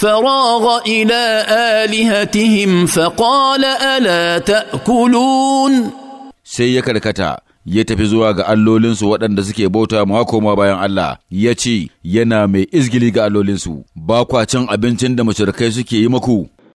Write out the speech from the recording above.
فراغ الى الهتهم فقال الا تاكلون sai ya karkata ya tafi zuwa ga allolinsu waɗanda suke bauta ma koma bayan Allah ya ce yana mai izgili ga allolinsu ba kwa cin abincin da mashirkai suke yi maku